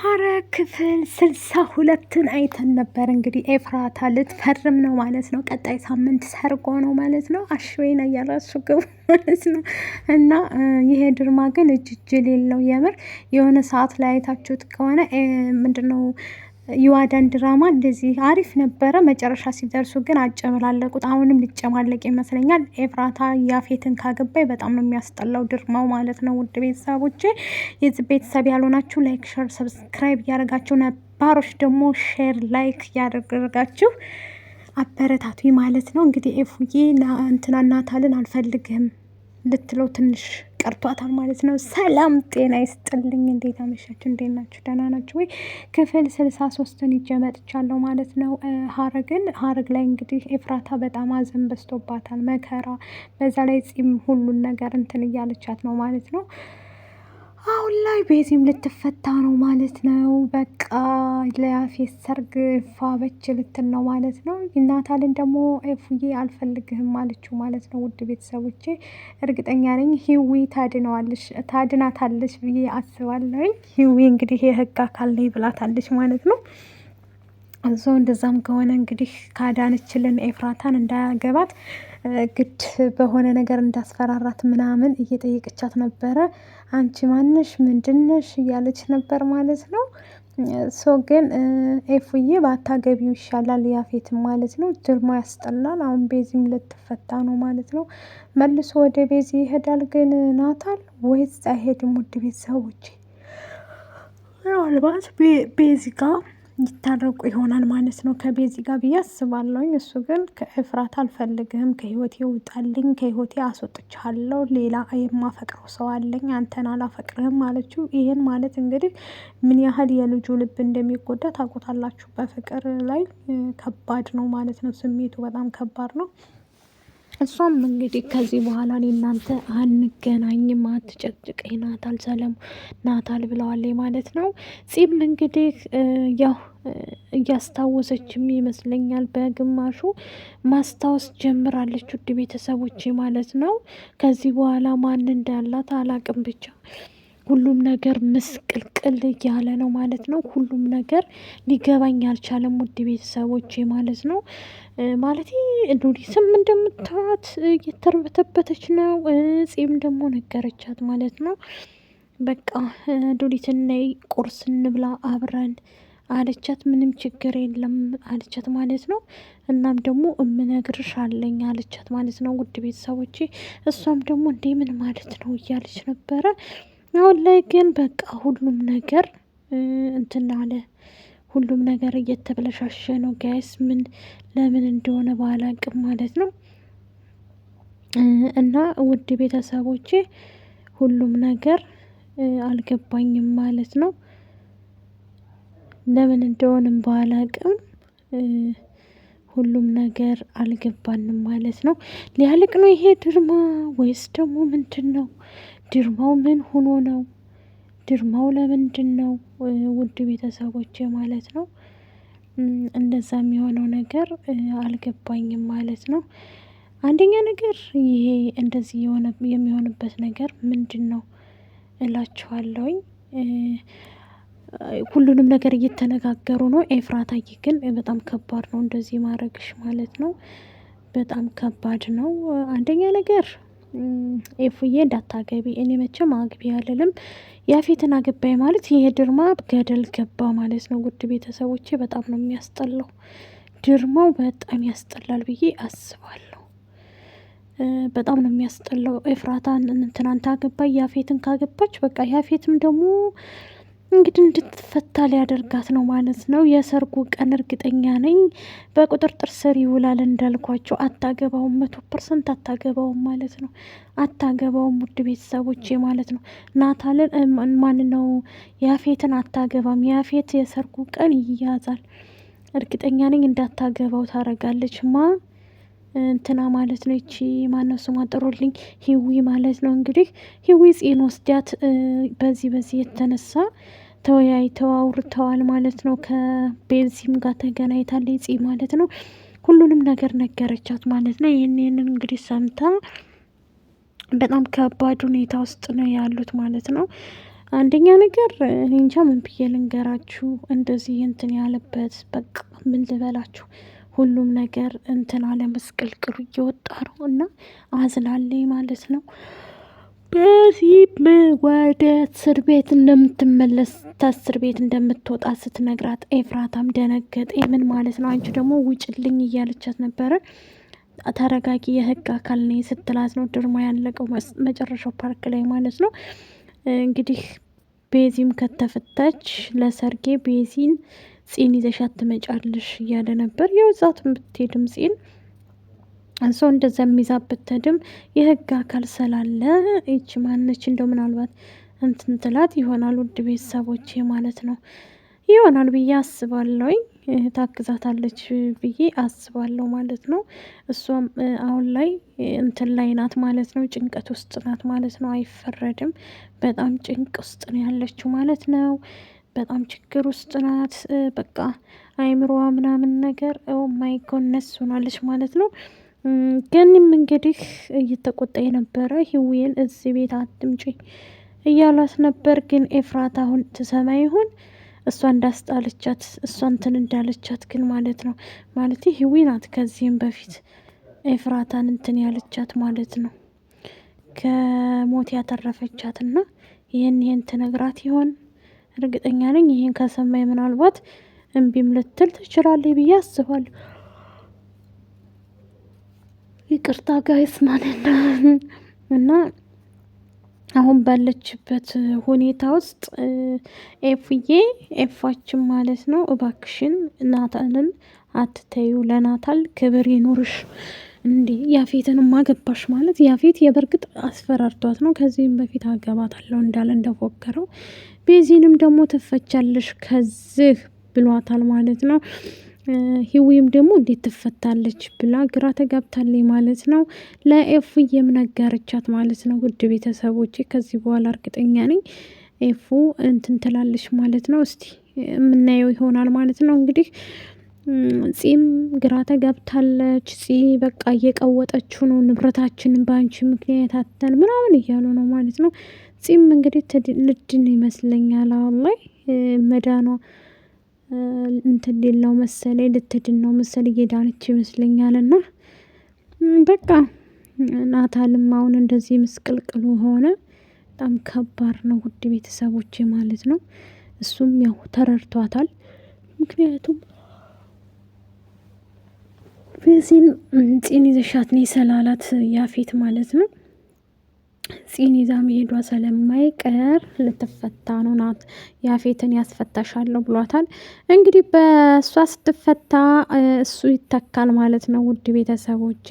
ሐረግ ክፍል ስልሳ ሁለትን አይተን ነበር። እንግዲህ ኤፍራታ ልትፈርም ነው ማለት ነው። ቀጣይ ሳምንት ሰርጎ ነው ማለት ነው። አሽወይን እያራሱ ግቡ ማለት ነው። እና ይሄ ድርማ ግን እጅ እጅ ሌለው የምር የሆነ ሰዓት ላይ አይታችሁት ከሆነ ምንድነው የዋዳን ድራማ እንደዚህ አሪፍ ነበረ። መጨረሻ ሲደርሱ ግን አጨመላለቁት። አሁንም ሊጨማለቅ ይመስለኛል። ኤፍራታ ያፌትን ካገባይ በጣም ነው የሚያስጠላው ድርማው ማለት ነው። ውድ ቤተሰቦቼ የዚህ ቤተሰብ ያልሆናችሁ ላይክ፣ ሸር፣ ሰብስክራይብ እያደረጋችሁ ነባሮች ደግሞ ሼር ላይክ እያደረጋችሁ አበረታቱ ማለት ነው። እንግዲህ ኤፉዬ እንትና ናታልን አልፈልግህም ልትለው ትንሽ ቀርቷታል ማለት ነው። ሰላም ጤና ይስጥልኝ። እንዴት አመሻችሁ? እንዴት ናችሁ? ደህና ናችሁ ወይ? ክፍል ስልሳ ሶስትን ይዤ መጥቻለሁ ማለት ነው። ሀረግን ሀረግ ላይ እንግዲህ ኤፍራታ በጣም አዘን በዝቶባታል፣ መከራ በዛ ላይ ፂም ሁሉን ነገር እንትን እያለቻት ነው ማለት ነው። አሁን ላይ ቤዚም ልትፈታ ነው ማለት ነው። በቃ ለያፌት ሰርግ ፋበች ልትል ነው ማለት ነው። ናታልን ደግሞ ፉዬ አልፈልግህም አለችው ማለት ነው። ውድ ቤተሰቦቼ እርግጠኛ ነኝ ሂዊ ታድነዋለች ታድናታለች ብዬ አስባለሁ። ሂዊ እንግዲህ የህግ አካል ነኝ ብላታለች ማለት ነው። እዞ እንደዛም ከሆነ እንግዲህ ካዳንችልን ኤፍራታን እንዳያገባት ግድ በሆነ ነገር እንዳስፈራራት ምናምን እየጠየቀቻት ነበረ። አንቺ ማንሽ ምንድነሽ እያለች ነበር ማለት ነው። ሶ ግን ኤፉዬ ባታገቢው ይሻላል ያፌትም ማለት ነው። ድርማ ያስጠላል። አሁን ቤዚም ልትፈታ ነው ማለት ነው። መልሶ ወደ ቤዚ ይሄዳል። ግን ናታል ወይስ አይሄድም? ውድ ቤተሰቦች ምናልባት ቤዚ ጋር ይታረቁ ይሆናል ማለት ነው ከቤዚ ጋር ብዬ አስባለሁኝ። እሱ ግን ከእፍራት አልፈልግህም፣ ከህይወቴ ውጣልኝ፣ ከህይወቴ አስወጥቻለሁ፣ ሌላ የማፈቅረው ሰው አለኝ፣ አንተን አላፈቅርህም ማለችው። ይህን ማለት እንግዲህ ምን ያህል የልጁ ልብ እንደሚጎዳ ታውቁታላችሁ። በፍቅር ላይ ከባድ ነው ማለት ነው። ስሜቱ በጣም ከባድ ነው። እሷም እንግዲህ ከዚህ በኋላ እኔ እናንተ አንገናኝም፣ አትጨቅጭቀኝ ናታል ሰለም ናታል ብለዋለች ማለት ነው። ጺም እንግዲህ ያው እያስታወሰችም ይመስለኛል በግማሹ ማስታወስ ጀምራለች። ውድ ቤተሰቦቼ ማለት ነው። ከዚህ በኋላ ማን እንዳላት አላቅም ብቻ ሁሉም ነገር ምስቅልቅል እያለ ነው ማለት ነው። ሁሉም ነገር ሊገባኝ አልቻለም። ውድ ቤተሰቦቼ ማለት ነው ማለት ኑሪስም እንደምታዋት እየተርበተበተች ነው። ጺም ደግሞ ነገረቻት ማለት ነው። በቃ ዱሪትና ቁርስ እንብላ አብረን አለቻት። ምንም ችግር የለም አለቻት ማለት ነው። እናም ደግሞ እምነግርሽ አለኝ አለቻት ማለት ነው። ውድ ቤተሰቦቼ እሷም ደግሞ እንዴ ምን ማለት ነው እያለች ነበረ። አሁን ላይ ግን በቃ ሁሉም ነገር እንትን አለ። ሁሉም ነገር እየተበለሻሸ ነው ጋይስ። ምን ለምን እንደሆነ ባላቅም ማለት ነው። እና ውድ ቤተሰቦቼ ሁሉም ነገር አልገባኝም ማለት ነው። ለምን እንደሆንም ባላቅም ሁሉም ነገር አልገባንም ማለት ነው። ሊያልቅ ነው ይሄ ድርማ ወይስ ደግሞ ምንድን ነው? ድርማው ምን ሆኖ ነው? ድርማው ለምንድን ነው? ውድ ቤተሰቦች ማለት ነው እንደዛ የሚሆነው ነገር አልገባኝም ማለት ነው። አንደኛ ነገር ይሄ እንደዚህ የሚሆንበት ነገር ምንድን ነው እላችኋለሁኝ። ሁሉንም ነገር እየተነጋገሩ ነው። ኤፍራታዬ ግን በጣም ከባድ ነው እንደዚህ ማድረግሽ ማለት ነው። በጣም ከባድ ነው። አንደኛ ነገር ኤፉዬ እንዳታገቢ እኔ መቼም አግቢ አልልም። ያፌትን አገባይ ማለት ይሄ ድርማ ገደል ገባ ማለት ነው። ውድ ቤተሰቦቼ በጣም ነው የሚያስጠላው። ድርማው በጣም ያስጠላል ብዬ አስባለሁ። በጣም ነው የሚያስጠላው። ኤፍራታን እንትናን አገባይ ያፌትን ካገባች በቃ ያፌትም ደግሞ እንግዲህ እንድትፈታ ሊያደርጋት ነው ማለት ነው። የሰርጉ ቀን እርግጠኛ ነኝ በቁጥጥር ስር ይውላል እንዳልኳቸው፣ አታገባውም፣ መቶ ፐርሰንት አታገባውም ማለት ነው። አታገባውም ውድ ቤተሰቦቼ ማለት ነው። ናታልን ማን ነው ያፌትን አታገባም። ያፌት የሰርጉ ቀን ይያዛል፣ እርግጠኛ ነኝ እንዳታገባው ታረጋለች ማ እንትና ማለት ነው። ይቺ ማነው ስሟ ጥሩልኝ፣ ሂዊ ማለት ነው። እንግዲህ ሂዊ ጽን ወስዳት በዚህ በዚህ የተነሳ ተወያይተው አውርተዋል ማለት ነው። ከቤዚም ጋር ተገናኝታለች ፂ ማለት ነው። ሁሉንም ነገር ነገረቻት ማለት ነው። ይህን ይህንን እንግዲህ ሰምታ በጣም ከባድ ሁኔታ ውስጥ ነው ያሉት ማለት ነው። አንደኛ ነገር እኔ እንጃ ምን ብዬ ልንገራችሁ፣ እንደዚህ እንትን ያለበት በቃ ምን ልበላችሁ ሁሉም ነገር እንትን አለ መስቀልቅሉ እየወጣ ነው እና አዝናለኝ ማለት ነው። በዚህ ወደ እስር ቤት እንደምትመለስ ከእስር ቤት እንደምትወጣ ስትነግራት ኤፍራታም ደነገጠ። ምን ማለት ነው? አንቺ ደግሞ ውጭልኝ እያለቻት ነበረ። ተረጋጊ፣ የህግ አካል ነኝ ስትላት ነው ድርማ ያለቀው መጨረሻው ፓርክ ላይ ማለት ነው። እንግዲህ ቤዚም ከተፈታች ለሰርጌ ቤዚን ጺን ይዘሻት ትመጫለሽ እያለ ነበር። የውዛት ምትሄድም የምትሄድም ጺን እሱ እንደዛ የሚዛበት የህግ አካል ስላለ ይች ማነች እንደው ምናልባት እንትንትላት ይሆናል። ውድ ቤተሰቦች ማለት ነው ይሆናል ብዬ አስባለሁኝ። ታግዛታለች ብዬ አስባለሁ ማለት ነው። እሷም አሁን ላይ እንትን ላይ ናት ማለት ነው። ጭንቀት ውስጥ ናት ማለት ነው። አይፈረድም። በጣም ጭንቅ ውስጥ ነው ያለችው ማለት ነው። በጣም ችግር ውስጥ ናት። በቃ አይምሮዋ ምናምን ነገር ማይጎነስ ሆናለች ማለት ነው። ገኒም እንግዲህ እየተቆጣ ነበረ። ህዌን እዚህ ቤት አትምጪ እያሏት ነበር። ግን ኤፍራት አሁን ትሰማ ይሁን እሷ እንዳስጣለቻት እሷ እንትን እንዳለቻት ግን ማለት ነው ማለት ህዊ ናት። ከዚህም በፊት ኤፍራታን እንትን ያለቻት ማለት ነው ከሞት ያተረፈቻት እና ይህን ይህን ትነግራት ይሆን? እርግጠኛ ነኝ ይህን ከሰማይ ምናልባት እምቢም ልትል ትችላለች ብዬ አስባለሁ። ይቅርታ ጋይስ ማለት ነው እና አሁን ባለችበት ሁኔታ ውስጥ ኤፍዬ ኤፋችን ማለት ነው፣ እባክሽን ናታልን አትተዩ፣ ለናታል ክብር ይኑርሽ። እንዴ ያፌትን ማገባሽ ማለት ያፌት የበርግጥ አስፈራርቷት ነው። ከዚህም በፊት አገባታለሁ እንዳለ እንደፎከረው ቤዚንም ደግሞ ትፈቻለሽ ከዚህ ብሏታል ማለት ነው። ሂዊም ደግሞ እንዴት ትፈታለች ብላ ግራ ተጋብታለች ማለት ነው። ለኤፉዬም ነገረቻት ማለት ነው። ውድ ቤተሰቦች ከዚህ በኋላ እርግጠኛ ነኝ ኤፉ እንትን ትላለች ማለት ነው። እስቲ የምናየው ይሆናል ማለት ነው። እንግዲህ ጺም ግራ ተጋብታለች። ጺ በቃ እየቀወጠችው ነው። ንብረታችንን በአንቺ ምክንያት አተን ምናምን እያሉ ነው ማለት ነው። ጺም እንግዲህ ልድን ይመስለኛል አሁን ላይ መዳኗ እንትን ሊል ነው መሰለኝ ልትድን ነው መሰለኝ እየዳነች ይመስለኛል። እና በቃ ናታልም አሁን እንደዚህ ምስቅልቅሉ ሆነ። በጣም ከባድ ነው ውድ ቤተሰቦቼ ማለት ነው። እሱም ያው ተረድቷታል። ምክንያቱም ፌሲን ፂን ይዘሻት ነው የሰላላት ያፌት ማለት ነው። ጺን ይዛ መሄዷ ስለማይቀር ልትፈታ ነው ናት ያፌትን ያስፈታሻለሁ ብሏታል። እንግዲህ በእሷ ስትፈታ እሱ ይተካል ማለት ነው ውድ ቤተሰቦቼ።